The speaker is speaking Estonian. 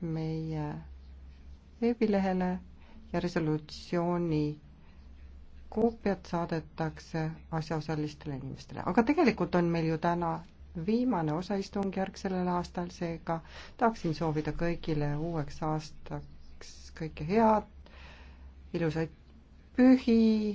meie veebilehele ja resolutsiooni koopiad saadetakse asjaosalistele inimestele. aga tegelikult on meil ju täna viimane osaistungjärg sellel aastal, seega tahaksin soovida kõigile uueks aastaks kõike head, ilusaid pühi,